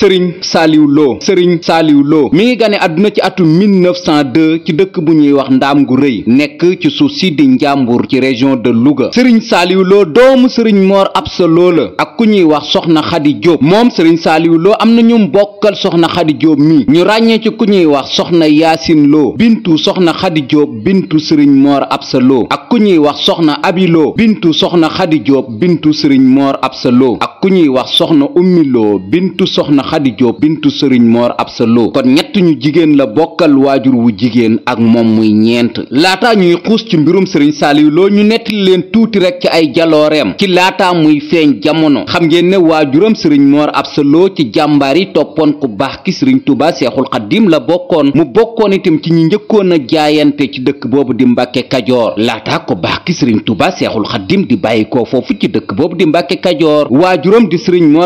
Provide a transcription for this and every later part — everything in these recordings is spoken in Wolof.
sëriñ saaliw loo sëriñ saaliw mi ngi gane àdduna ci atum 1902 ci dëkk bu ñuy wax ndaam gu rëy nekk ci suuf si di njàmbur ci région de Louga sëriñ saaliw doomu sëriñ moor absa loo la ak ku ñuy wax soxna xadi jóob moom sëriñ saaliw am na ñu bokkal soxna xadi jóob mi ñu ràññee ci ku ñuy wax soxna yaasin loo bintu soxna xadi jóob bintu sëriñ moor absa loo ak ku ñuy wax soxna abi bintu soxna xadi jóob bintu sëriñ moor absa loo ak ku ñuy wax soxna ummi bintu soxna Khady Diop bintu Serigne Mor Absa Lo kon ñett ñu jigéen la bokkal waajur wu jigéen ak moom muy ñeent laata ñuy xuus ci mbirum Serigne Saliou loo ñu nettali leen tuuti rek ci ay jalooreem ci laata muy feeñ jamono xam ngeen ne waajuram Serigne Mor Absa Lo ci jàmbaar yi toppoon ku baax ki Serigne tuba Seexul Xaddim la bokkoon mu bokkoon itam ci ñu njëkkoon a jaayante ci dëkk boobu di Mbàkke Kajoor laataa ko baax ki Serigne Touba Seexul Xaddim di bàyyi ko foofu ci dëkk boobu di Mbàkke Kajoor waajuram di Serigne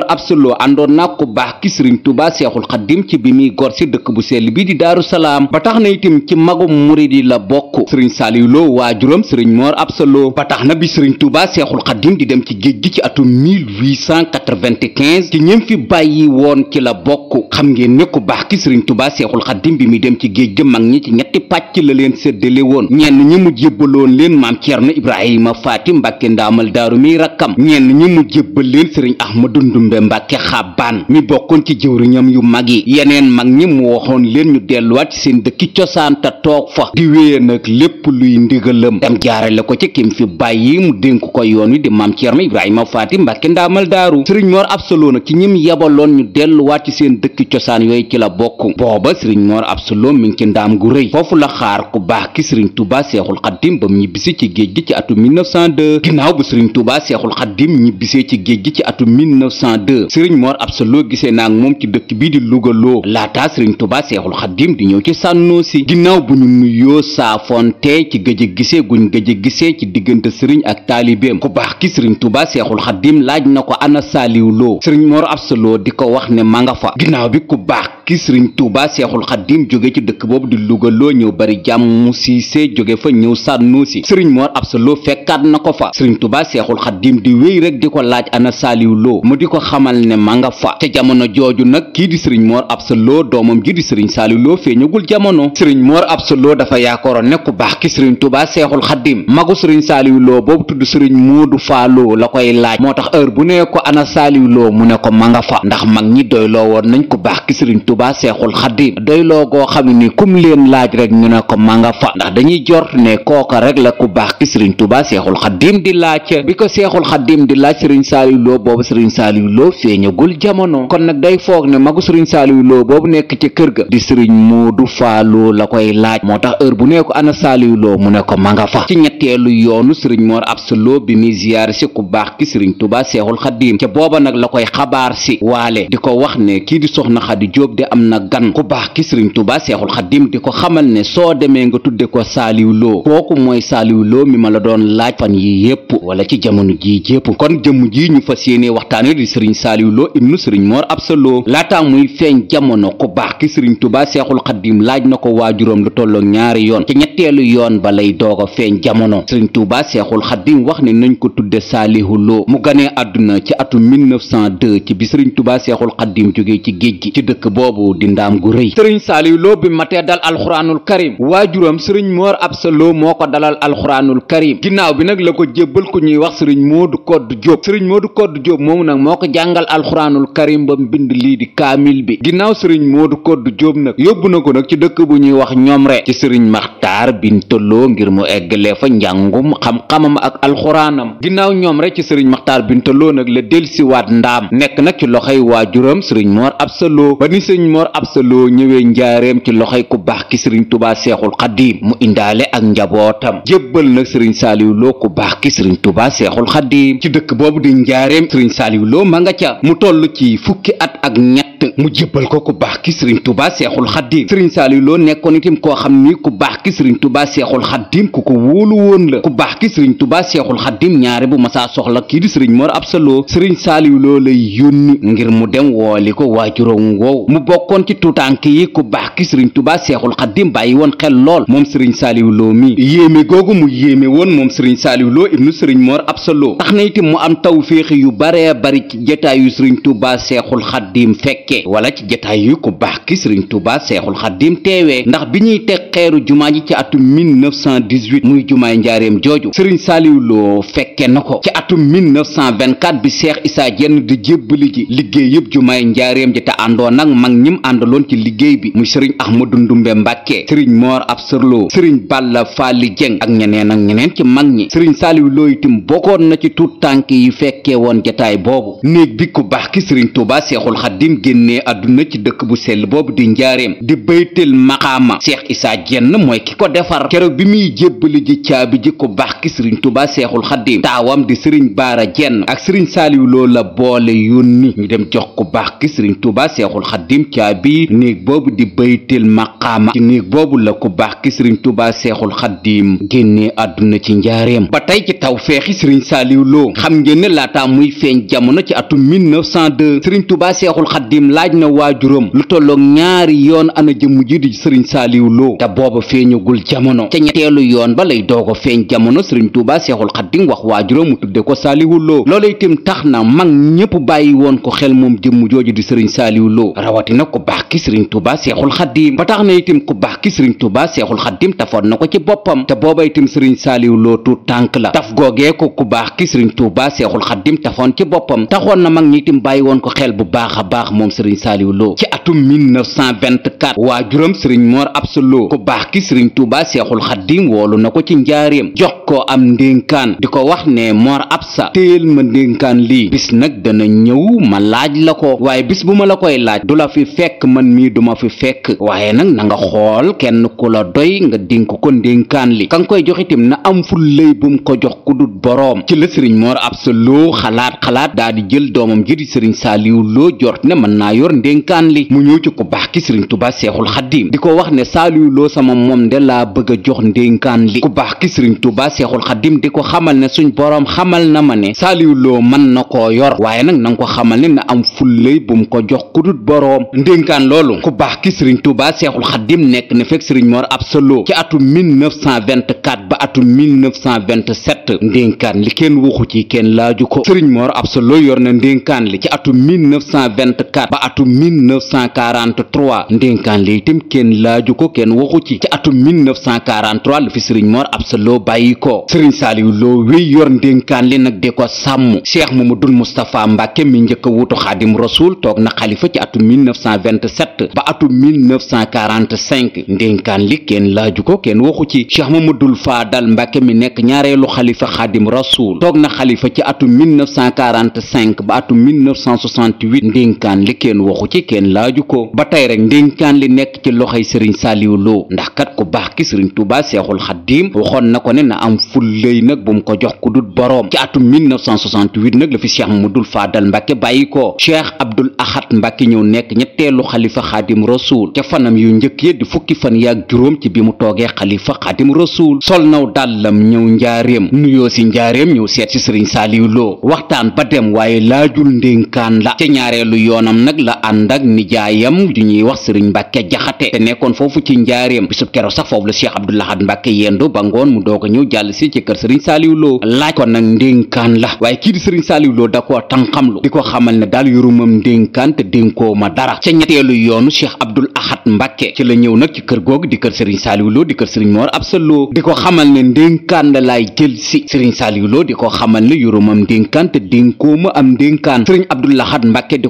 sëriñ tubaa seexul xaddim ci bi muy gor si dëkk bu sell bi di daaru salaam ba tax na itam ci magum murid yi la bokk sëriñ saaliyu loo waajuram sëriñ moor absa loo ba tax na bi sëriñ tubaa seexul xaddim di dem ci géej gi ci atum 1895 ci ñëm fi bàyyi woon ci la bokk xam ngeen ne ku baax ki sëriñ tubaa seexul xaddim bi muy dem ci géej gi mag ñi ci ñetti pàcc la leen seddale woon ñenn ñi mu jébbaloon leen maam ceerno ibrahima faati mbàkke ndaamal daaru miy rakkam ñenn ñi mu jébbal leen sëriñ ahmadu ndumbe mbàkke xabbaan mi bokk bokkoon ci jëwriñam yu mag yi yeneen mag ñi mu waxoon leen ñu delluwaat ci seen dëkki cosaan te toog fa di wéye nag lépp luy ndigalam dem jaarale ko ci kim fi bàyyi mu dénk ko yoon wi di maam Cerno Ibrahima Faati Mbàkke ndaamal daaru sëriñ Mor Absa Lo nag ci ñim yebaloon ñu delluwaat ci seen dëkki cosaan yooyu ci la bokk booba sëriñ Mor Absa Lo mi ngi ci ndaam gu rëy foofu la xaar ku baax ki sëriñ Tuubaa Seexul Xaddim ba mu ñibbisi ci géej gi ci atu 1902 ginnaaw bu sëriñ Tuubaa Seexul Xaddim ñibbisee ci géej gi ci atu 1902 sëriñ ak moom ci dëkk bi di Louga loo laataa Serigne Touba Seexul Xaddim di ñëw ci Sànnoosi ginnaaw bu ñu nuyoo saafonte ci gëjë gisee guñ gëjë gisee ci diggante sëriñ ak taalibeem ku baax ki Serigne Touba Seexul Xaddim laaj na ko ana saaliw loo Serigne moor Absa Lo di ko wax ne ma nga fa ginnaaw bi ku baax ki Serigne Touba Seexul Xaddim jóge ci dëkk boobu di Louga loo ñëw bari jàmm siisee jóge fa ñëw si Serigne Mor Absa Lo fekkaat na ko fa Serigne Touba Seexul Xaddim jooju nag kii di sëriñ moor sa loo doomam ji di sëriñ saaliw loo feeñagul jamono sëriñ moor absa loo dafa yaakaaroon ne ku baax ki sëriñ tubaa seexul xaddim magu sëriñ saaliw loo boobu tudd sëriñ moodu faaloo la koy laaj moo tax heure bu ne ko ana mu ne ko ma nga ndax mag ñi doyloo woon nañ ku baax ki tubaa seexul xaddim doyloo goo xam ni kum leen laaj rek ñu ne ko ma nga ndax dañuy jort ne kooka rek la ku baax ki sëriñ tubaa seexul xaddim di laaj bi ko seexul xaddim di laaj sëriñ saaliw loo boobu sëriñ saaliw loo feeñagul jamono kon nag day foog ne magu sëriñ saaliwu loo boobu nekk ci kër ga di sëriñ moodu faaloo la koy laaj moo tax heure bu nee ko ana saaliwu loo mu ne ko ma nga fa ci ñetteelu yoonu sëriñ moor absa loo bi muy ziyaar ku baax ki sëriñ tubaa seexul xaddiim ca booba nag la koy xabaar si waale di ko wax ne kii di soxna xadi jóob de am na gan ku baax ki sëriñ tubaa seexul xaddiim di ko xamal ne soo demee nga tudde ko saaliwu loo kooku mooy saaliwu loo mi ma la doon laaj fan yi yépp wala ci jamono ji jépp kon jëmm ji ñu waxtaane di sëriñ saaliwu loo laataa muy feeñ jamono ku baax ki sëriñ tubaa seexul xaddim laaj na ko waajuram lu tolloo ñaari yoon ci ñetteelu yoon ba lay doog a feeñ jamono sëriñ tubaa seexul xaddim wax ne nañ ko tudde saalihu loo mu ganee àdduna ci atu 1902 ci bi sëriñ tubaa seexul xaddim jógee ci géej gi ci dëkk boobu di ndaam gu rëy sëriñ saalihu loo bi matee dal alxuraanul karim waajuram sëriñ moor absa loo moo ko dalal alxuraanul karim ginnaaw bi nag la ko jébbal ku ñuy wax sëriñ moodu kodd jóob sëriñ moodu kodd jóob moomu bind lii di kaamil bi ginnaaw sëriñ moodu kodd jóob nag yóbbu na ko nag ci dëkk bu ñuy wax ñoom ñomre ci sëriñ maxtaar bintaloo ngir mu eggalee fa njàngum xam-xamam ak alxuraanam ginnaaw ñoom ñomre ci sëriñ maxtaar bintaloo nag la delsiwaat ndaam nekk nag ci loxoy waajuram sëriñ moor absaloo ba ni sëriñ moor absaloo ñëwee njaareem ci loxoy ku baax ki sëriñ tubaa seexul xadiim mu indaale ak njabootam jébbal nag sëriñ saaliw loo ku baax ki sëriñ tubaa seexul xadiim dëkk boobu di njaareem sëriñ saaliw ak ñett mu jébbal ko ku baax ki sëriñ tubaa seexul xaddiim sëriñ saaliw loo nekkoon itam koo xam ni ku baax ki sëriñ tubaa seexul xaddiim ku ko wóolu woon la ku baax ki sëriñ tubaa seexul xaddiim ñaare bu masaa soxla kii di sëriñ mor ab saloo sëriñ saaliw lay yónni ngir mu dem wooli ko waajuram woow mu bokkoon ci tuutànk yi ku baax ki sëriñ tubaa seexul xaddiim bàyyi woon xel lool moom sëriñ saaliw mi yéeme googu mu yéeme woon moom sëriñ saaliw loo ibnu sëriñ mor ab saloo tax na itam mu Mbàkke wala ci jataay yu ku baax ki Sëriñ Tuubaa Seexul Xaddiim teewee ndax bi ñuy teg xeeru jumaa ji ci atum 1918 muy jumaay njaareem jooju Sëriñ Saaliw Lo fekke na ko ci atum 1924 bi Seex Isaa Jenn di jébbali ji liggéey yëpp jumaay njaareem ji te àndoon ak mag ñim àndaloon ci liggéey bi muy Sëriñ Ahmadu Ndumbe Mbàkke Sëriñ Moor Absa Lo Sëriñ Balla Faali Jeng ak ñeneen ak ñeneen ci mag ñi Sëriñ Saaliw Lo itam bokkoon na ci tuut tànk yi fekkee woon jataay boobu néeg bi ku baax ki génnee àdduna ci dëkk bu sell boobu di njaareem di béytal maxaama seex isaa jenn mooy ki ko defar keroog bi muy jébbali ji caabi ji ko baax ki sëriñ tubaa seexul xaddiim taawam di sëriñ baara jenn ak sëriñ saaliw loo la boole yónni ñu dem jox ko baax ki sëriñ tubaa seexul xaddiim caabi néeg boobu di béytal maxaama ci néeg boobu la ko baax ki sëriñ tubaa seexul xaddiim génnee àdduna ci njaareem ba tey ci taw feexi sëriñ saaliw loo xam ngeen ne laataa muy Xaadim laaj na waajuram lu tolloog ñaari yoon ana jëmm ji di sëriñ saaliw loo te booba feeñagul jamono ca ñetteelu yoon ba lay doog a feeñ jamono sëriñ tuubaa seexul xaddim wax waajuram mu tudde ko saaliwu loo loola tax na mag ñépp bàyyi woon ko xel moom jëmm jooju di sëriñ saaliw loo rawatina ku baax ki sëriñ tuubaa seexul xaddim ba tax na itam ku baax ki sëriñ tuubaa seexul xaddim tafoon na ko ci boppam te booba itam sëriñ saaliw loo tu tànk la taf googee ko ku baax ki sëriñ tuubaa seexul xaddim tafoon ci boppam taxoon na mag ñi itam bàyyi woon ko xel sëriñ saaliw loo ci atum 1924 waajuram sëriñ moor absa loo ku baax ki sëriñ tuuba seexul xaddim woolu na ko ci njaareem jox ko am ndénkaan di ko wax ne moor absa téel ma ndénkaan lii bis nag dana ñëw ma laaj la ko waaye bis bu ma la koy laaj du la fi fekk fekk man mii duma fi fekk waaye nag na nga xool kenn ku la doy nga dénk ko ndénkaan li ka nga koy jox itam na am ful lëy bum ko jox ku dut boroom ci la sëriñ Mor Absa Lo xalaat xalaat daa di jël doomam ji di sëriñ Saaliw Lo jort ne mën naa yor ndénkaan li mu ñëw ci ku baax ki sëriñ Tuubaa Seexul Xaddiim di ko wax ne Saaliw sama moom de laa bëgg a jox ndénkaan li ku baax ki sëriñ Tuubaa Seexul Xaddiim di ko xamal ne suñ boroom xamal na ma ne Saaliw Lo mën na koo yor waaye nag na ko xamal ne na am ful bum ko jox ku dut boroom ndénkaan ndénkaan loolu ku baax ki sëriñ Tuubaa Seexul Xaddim nekk na fekk sëriñ Mor Absa ci atum 1924 li kenn waxu ci kenn laaju ko sëriñ Mor Absa Lo yor na ndénkaan li ci atum 1924 ba atum 1943 ndénkaan li itam kenn laaju ko kenn waxu ci ci atum 1943 la fi sëriñ Mor Absa bàyyi ko sëriñ Saaliyu Lo wéy yor ndénkaan li nag di ko sàmm Cheikh Mamadou Moustapha Mbàkke mi njëkk a wuutu Xaadim toog na xalifa ci atum 1957 ba atum 1945 ndénkaan li kenn laaju ko kenn waxu ci ma cheikh mamadul faadal mbàkke mi nekk ñaareelu xalifa xaadim rasuul toog na xalifa ci atum 1945 ba atum 1968 ndénkaan li kenn waxu ci kenn laaju ko ba tey rek ndénkaan li nekk ci loxoy sëriñ saaliyu loo ndax kat ku baax ki sëriñ tuubaa seexul xaddiim waxoon na ko ne na am fullëy nag bu mu ko jox ku dut boroom ci atum 1968 nag la fi cheikh mamadul faadal mbàkke bàyyi ko cheikh abdul ahad mbàkke ñëw nekk ñetteelu xalifa xaadim rasuul ca fanam yu njëkk ya di fukki fan yaag juróom ci bi mu toogee xalifa xaadim rasuul sol naw dàllam ñëw njaareem nuyoo si njaareem ñëw seet si sëriñ saaliw loo waxtaan ba dem waaye laajul ndénkaan la ca ñaareelu yoonam nag la ànd ak nijaayam ju ñuy wax sëriñ mbàkke jaxate te nekkoon foofu ci njaareem bisub kero sax foofu la cheikh abdoulahad mbàkke yendo ba ngoon mu doog a ñëw jàll si ci kër sëriñ saaliw laaj ko nag ndénkaan la waaye kii di sëriñ saaliw loo da koo tànqamlu di ko xamal ne daal yurumam ndénkaan te dénkoo ma dara ca ñetteelu yoonu cheikh abdul ahad mbàkke ci la ñëw nag ci kër googu di kër sëriñ saaliw loo di kër sëriñ moor absa loo di ko xamal ne ndénkaan la laay jël si sëriñ saaliw loo di ko xamal ne yoromam ndénkaan te dénkooma di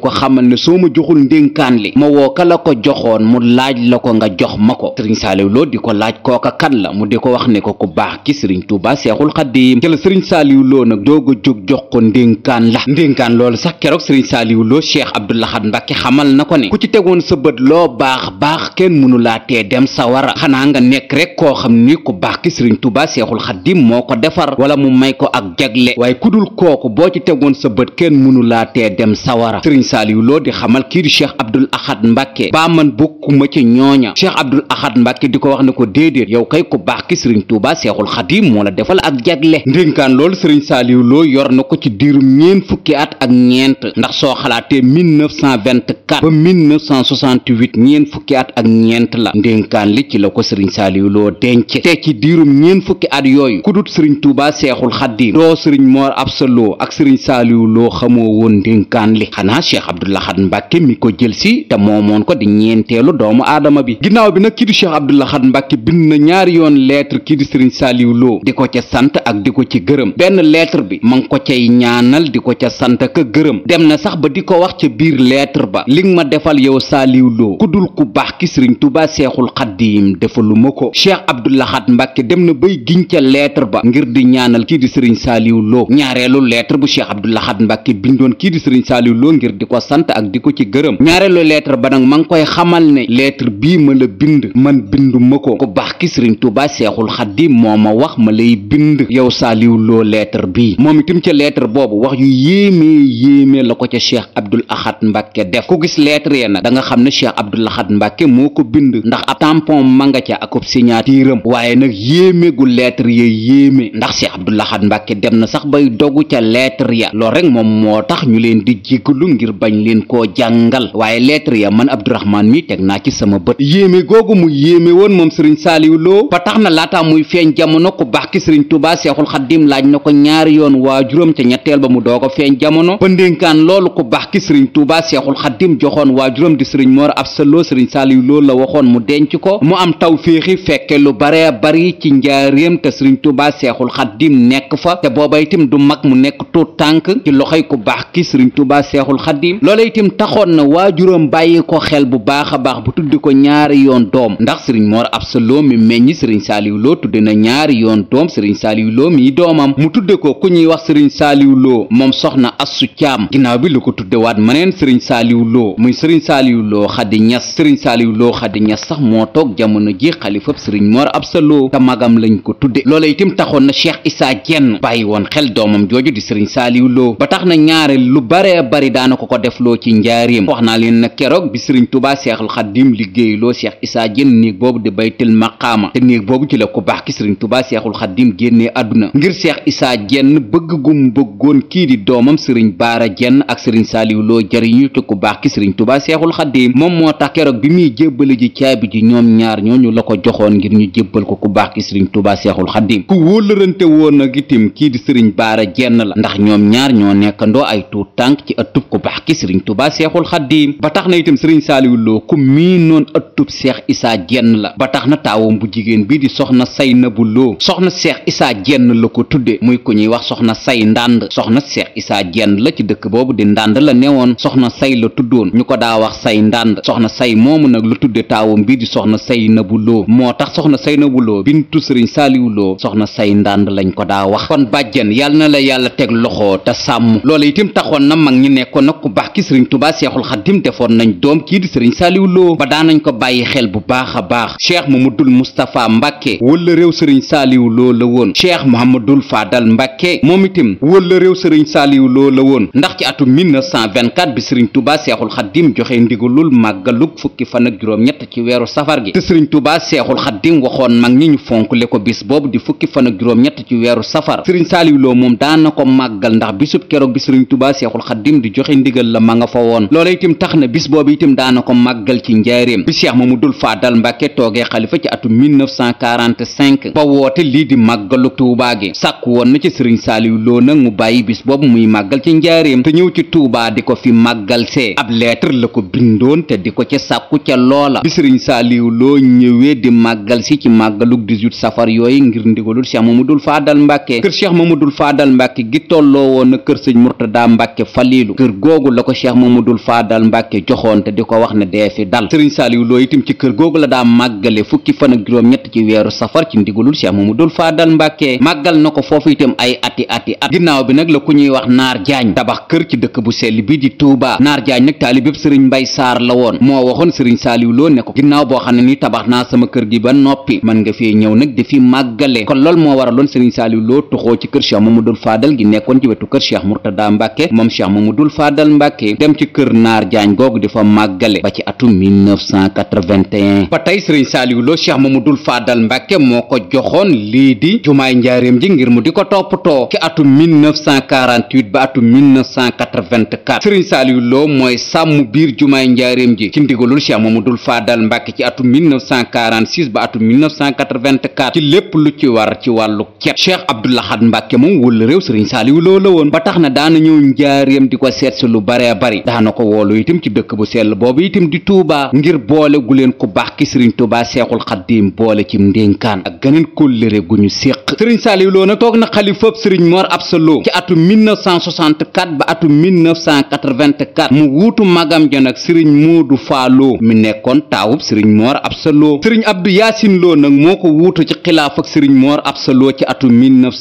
ko xamal ne soo ma joxul ndénkaan li ma woo ka la ko joxoon mu laaj la ko nga jox ma ko sëriñ saaliw loo di ko laaj kooka kan la mu di ko wax ne ko ku baax ki sëriñ tuuba seexul xaddiim ci la sëriñ saaliw nag doog a jóg jox ko ndénkaan la ndénkaan loolu sax keroog sëriñ saaliw loo cheikh tegoon sa bët loo baax baax kenn mënu laa tee dem sawara xanaa nga nekk rek koo xam ni ko baax ki sëriñ Tuubaa Seexul Xadiim moo ko defar wala mu may ko ak jagle waaye ku dul kooku boo ci tegoon sa bët kenn mënu laa tee dem sawara sëriñ Saaliyu loo di xamal kii di Cheikh Abdoul Ahad Mbacke baa man bokkuma ci ñooña Cheikh Abdoul Ahad Mbacke di ko wax ne ko déedéet yow kay ko baax ki sëriñ Tuubaa Seexul Xadiim moo la defal ak jagle ndénkaan loolu sëriñ Saaliyu Lo yor na ko ci diirum ñeent fukki at ak ñeent ndax soo xalaatee 1924 ba 1968 ñeen fukki at ak ñeent la ndénkaan li ci la ko sëriñ saaliyu loo denc te ci diirum ñeen fukki at yooyu ku sëriñ tuubaa seexul xaddiim doo sëriñ moor absa loo ak sëriñ saaliyu loo xamoo woon ndénkaan li xanaa cheikh abdou lahad mbàkke mi ko jël si te moomoon ko di ñeenteelu doomu aadama bi ginnaaw bi na kii di cheikh abdou lahad mbàkke bind na ñaari yoon lettre kii di sëriñ saaliyu loo di ko ca sant ak di ko ci gërëm benn lettre bi ma ko cay ñaanal di ko ca sant ka gërëm dem na sax ba di Thio Saliou Lo ku dul ku baax ki sëriñ Tuubaa Seexul Xaddiim defaluma ko Cheikh Abdou Lahad Mbàkke dem na bay giñ ca lettre ba ngir di ñaanal kii di sëriñ Saliou loo ñaareelu lettre bu Cheikh Abdou Lahad Mbàkke bindoon kii di sëriñ Saliou Lo ngir di ko sant ak di ko ci gërëm ñaareelu lettre ba nag ma ngi koy xamal ne lettre bii ma la bind man binduma ko ku baax ki sëriñ Tuubaa Seexul Xaddiim moo ma wax ma lay bind yow Saliou Lo lettre bii moom itam ca wax ca Cheikh Abdou da nga xam ne cheikh abdou lahad moo ko bind ndax ab tampon manga ca akub signaturam waaye nag yéeme gu lettre ya yéeme ndax cheikh abdou lahad mbàkke dem na sax bay dogu ca lettre ya lool rek moom moo tax ñu leen di jéggalu ngir bañ leen koo jàngal waaye lettre ya man abdourahman mi teg naa ci sama bët yéeme googu mu yéeme woon moom sëriñ saaliw loo ba tax na laataa muy feeñ jamono ku baax ki sëriñ tubaa seexul xaddim laaj na ko ñaari yoon waajuram ca ñetteel ba mu doog a feeñ jamono ba ndénkaan loolu ku waajuram di sëriñ Mor Absa Lo sëriñ Saliou la waxoon mu denc ko mu am taw féexi lu bare bari ci njaareem te sëriñ Tuubaa Seexul Xadiim nekk nekk fa te booba itam du mag mu nekk tuut tànk ci loxoy ku baax ki sëriñ tubaa seexul xaddim loola itam taxoon na waajuram bàyyi ko xel bu baaxa baax bu tuddi ko ñaari yoon doom ndax sëriñ moor sa loo mi meññi sëriñ saaliw loo tudde na ñaari yoon doom sëriñ saaliw loo mi doomam mu tudde ko ku ñuy wax sëriñ saaliw loo moom soxna assu caam ginnaaw bi lu ko tuddewaat maneen sëriñ saaliw loo muy sëriñ saaliw loo xaddi ñas sëriñ saaliw loo xaddi ñas sax moo toog jamono ji xalifab sëriñ moor absa loo lañ kenn bàyyi woon xel doomam jooju di sëriñ saaliw loo ba tax na ñaare lu baree bari daana ko ko defloo ci njaareem wax naa leen na keroog bi sëriñ tubaa seexul xaddim liggéeyloo seex isaa jën néeg boobu di baytil maqaama te néeg boobu ci la ku baax ki sëriñ tubaa seexul xaddim génnee àdduna ngir seex isaa jenn bëgg gum bëggoon kii di doomam sëriñ baara jenn ak sëriñ saaliw loo jariñu ci ku baax ki sëriñ tubaa seexul xaddim moom moo tax keroog bi muy jébbale ji caabi ji ñoom ñaar ñooñu la ko joxoon ngir ñu jébbal ko ku baax ki tubaa seexul kii di sëriñ baara jenn la ndax ñoom ñaar ñoo nekkandoo ay tuut tànk ci ëttub ku baax ki sëriñ tubaa seexul xaddiim ba tax na itam sëriñ saaliwu loo ku mii noon ëttub seex isaa jenn la ba tax na taawam bu jigéen bii di soxna say nabu loo soxna seex isaa jenn la ko tudde muy ku ñuy wax soxna say ndànd soxna seex isaa jenn la ci dëkk boobu di ndànd la woon soxna say la tuddoon ñu ko daa wax say ndànd soxna say moomu nag lu tudde taawam bii di soxna say nabu loo moo tax soxna say nabu loo bintu sëriñ soxna say ndànd lañ wax kon bàjjen yàlla na la yàlla teg loxo te sàmm loola itam taxoon na mag ñi nekkoon nag ku baax ki sëriñ tubaa seexul xadim defoon nañ doom kii di sëriñ saaliw ba daanañ ko bàyyi xel bu baax a baax cheikh mamadul mustapha mbàkke wala réew loo la woon cheikh mohamadul faadal mbàkke moom itam wala réew sëriñ saaliw loo la woon ndax ci atum 1924 bi sëriñ tubaa seexul xadim joxe ndigalul màggalug fukki fan ak juróom-ñett ci weeru safar gi te sëriñ tubaa seexul xadim waxoon mag ñi ñu fonkle ko bis boobu di fukki fan safar sëriñ saaliw loo moom daan na ko màggal ndax bisub keroog bi sëriñ tubaa seexul xaddim di joxe ndigal la ma nga fa woon loola itam tax na bis boobu itam daan ko màggal ci njaaréem bi seex mamadul faadal mbàkke toogee xalifa ci atum 1945 ba woote lii di màggalu tuubaa gi sàkk woon na ci sëriñ saaliw loo nag mu bàyyi bis boobu muy màggal ci njaaréem te ñëw ci tuubaa di ko fi màggal se ab lettre la ko bindoon te di ko ca sàkku ca loola bi sëriñ saaliw loo ñëwee di màggal si ci màggaluk 18 safar yooyu ngir ndigalul seex mamadul faadal mbàkke mbàkke kër cheikh mamadul faadal mbàkke gi tolloo woon na kër sëñ murtada mbàkke faliilu kër googu la ko cheikh mamadul faadal mbàkke joxoon te di ko wax ne dee fi dal sëriñ saaliw loo itam ci kër googu la daa màggale fukki fa ak juróom-ñett ci weeru safar ci ndigalul cheikh mamadul faadal mbàkke màggal na ko foofu itam ay ati ati at ginnaaw bi nag la ku ñuy wax naar jaañ tabax kër ci dëkk bu sell bi di tuubaa naar jaañ nag taali bépp sëriñ mbay saar la woon moo waxoon sëriñ saaliw loo ne ko boo xam ne ni tabax naa sama kër gi ba noppi man nga fee ñëw nag di fi màggale tuxoo ci kër cheikh mamadul faadal gi nekkoon ci wetu kër cheikh murtada mbàkke moom cheikh mamadul faadal mbàkke dem ci kër naar jaañ googu di fa màggale ba ci atum 1981 ba tey sëriñ saaliwu loo cheikh mamadul faadal mbàkke moo ko joxoon lii di jumaay njaareem ji ngir mu di ko toppatoo ci atum 1948 ba atum 1984 sëriñ saaliwu loo mooy sàmm biir jumaay njaareem ji ci ndigalul cheikh mamadul faadal mbàkke ci atum 1946 ba atum 1984 ci lépp lu ci war ci wàllu cet cheikh abdou abdul laxat mbàkke moom wul réew sëriñ saaliwu loo la woon ba tax na daana ñëw njaareem di ko seet si lu baree bari daana ko woolu itam ci dëkk bu sell boobu itam di tuubaa ngir boole gu leen ku baax ki sëriñ tuubaa seexul xaddiim boole ci ndénkaan ak ganeen kóllëre gu ñu séq sëriñ saaliwu loo nag toog na xalifab sëriñ mor absa loo ci atum 1964 ba atum 1984 mu wuutu magam ja nag sëriñ moodu faaloo mi nekkoon taawub sëriñ moor absa loo sëriñ abdu yaasin loo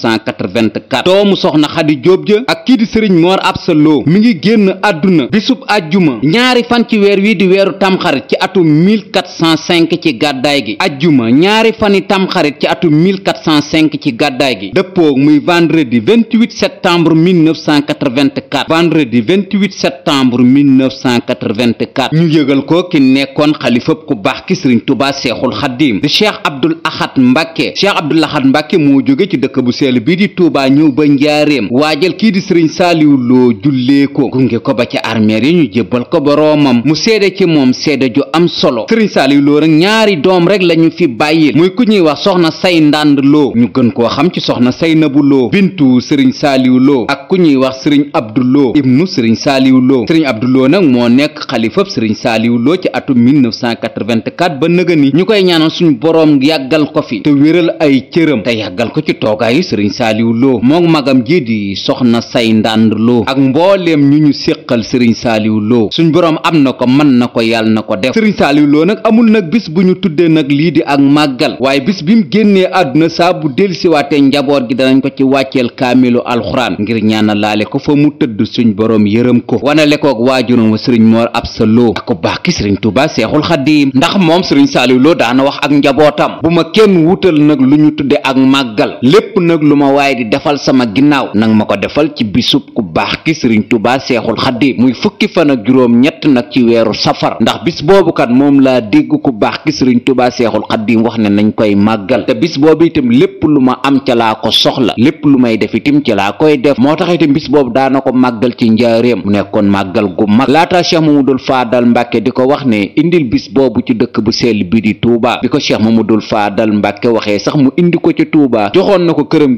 1984 doomu soxna xadi jóob ja ak kii di sëriñ moor absa loo mi ngi génn àdduna bisub ajjuma ñaari fan ci weer wi di weeru tamxarit ci atum 1405 ci gàddaay gi ajjuma ñaari fan yi tamxarit ci atum 1405 ci gàddaay gi dëppoog muy vendredi 28 septembre 1984 vendredi 28 septembre 1984 ñu yëgal ko ki nekkoon xalifab ku baax ki sëriñ tubaa seexul xaddiim di cheikh abdul ahad mbàkke cheikh abdul ahad mbàkke moo jóge ci dëkk bu seel hôpital bi di Touba ñëw ba njaareem waajal kii di sëriñ saaliw loo jullee ko gunge ko ba ci armeer yi ñu jébbal ko boroomam mu seede ci moom seede ju am solo sëriñ saaliw loo ñaari doom rek lañu fi bàyyil muy ku ñuy wax soxna say ndànd loo ñu gën koo xam ci soxna say nabu loo bintu sëriñ saaliw ak ku ñuy wax sëriñ abdu loo ibnu sëriñ saaliw loo sëriñ abdu loo nag moo nekk xalifab sëriñ saaliw ci atum 1984 ba nëgëni ñu koy ñaanal suñu boroom yàggal ko fi te wéral ay cëram te ko ci toogaayu sëriñ saaliw loo mook magam ji di soxna say ndànd loo ak mbooleem ñu ñu séqal sëriñ saaliw loo suñ boroom am na ko mën na ko yàlla na ko def sëriñ saaliw loo nag amul nag bés bu ñu tuddee nag lii di ak màggal waaye bés bi mu génnee àdduna saa bu delsiwaatee njaboot gi danañ ko ci wàcceel kaamilu alxuraan ngir ñaana laale ko fa mu tëdd suñu boroom yërëm ko wanale koog waajuram wa sëriñ moor ab sa loo ak ko baax ki sëriñ tuuba seexul xadiim ndax moom sëriñ saaliw ak njabootam lu ma waaye di defal sama ginnaaw nang ma ko defal ci bisub ku baax ki sëriñ tubaa seexul xaddim muy fukki fan ak juróom ñett nag ci weeru safar ndax bis boobu kat moom laa dégg ku baax ki sëriñ tubaa seexul xaddim wax ne nañ koy màggal te bis boobu itam lépp lu ma am ca laa ko soxla lépp lu may def itam ci laa koy def moo tax itam bis boobu daana ko màggal ci njaareem mu nekkoon màggal gu mag laata cheikh mamadul faadal mbàkke di ko wax ne indil bis boobu ci dëkk bu sell bi di tuubaa bi ko cheikh mamadul faadal mbàkke waxee sax mu indi ko ci tuubaa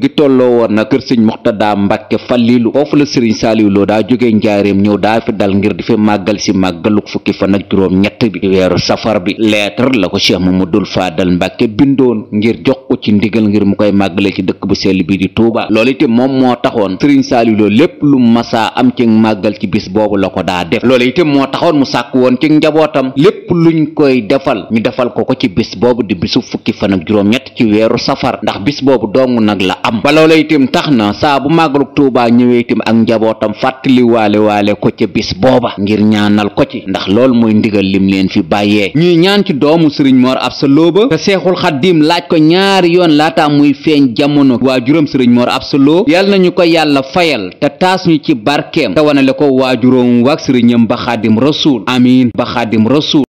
këram gi woon na kër sëñ Moxtada Mbàkke Fallilu foofu la sëriñ Saaliw daa jógee njaareem ñëw daa fi dal ngir di màggal si màggaluk fukki fan ak juróom ñett bi weeru safar bi lettre la ko Cheikh Mamadul Faadal Mbàkke bindoon ngir jox ko ci ndigal ngir mu koy màggale ci dëkk bu sell bi di Tuuba lool itam moom moo taxoon sëriñ Saaliw Lo lépp lu masaa am ci màggal ci bis boobu la ko daa def loolu itam moo taxoon mu sàkk woon ci njabootam lépp luñ koy defal ñu defal ko ko ci bis boobu di bisu fukki fan ak juróom ñett ci weeru safar ndax bis boobu dong nag la am ba loola itam tax na saa bu màggalug tuubaa ñëwee itam ak njabootam fàttali waale waale ko ca bis booba ngir ñaanal ko ci ndax loolu mooy ndigal lim leen fi bàyyee ñuy ñaan ci doomu sëriñ Mor Absa ba te seexul xaddiim laaj ko ñaari yoon laata muy feeñ jamono waajuram sëriñ Mor Absa Lo yal ñu ko yàlla fayal te taas ñu ci barkeem te wanale ko waajuróom waak sëriñam ba xaadim rasuul amiin ba xaadim rasuul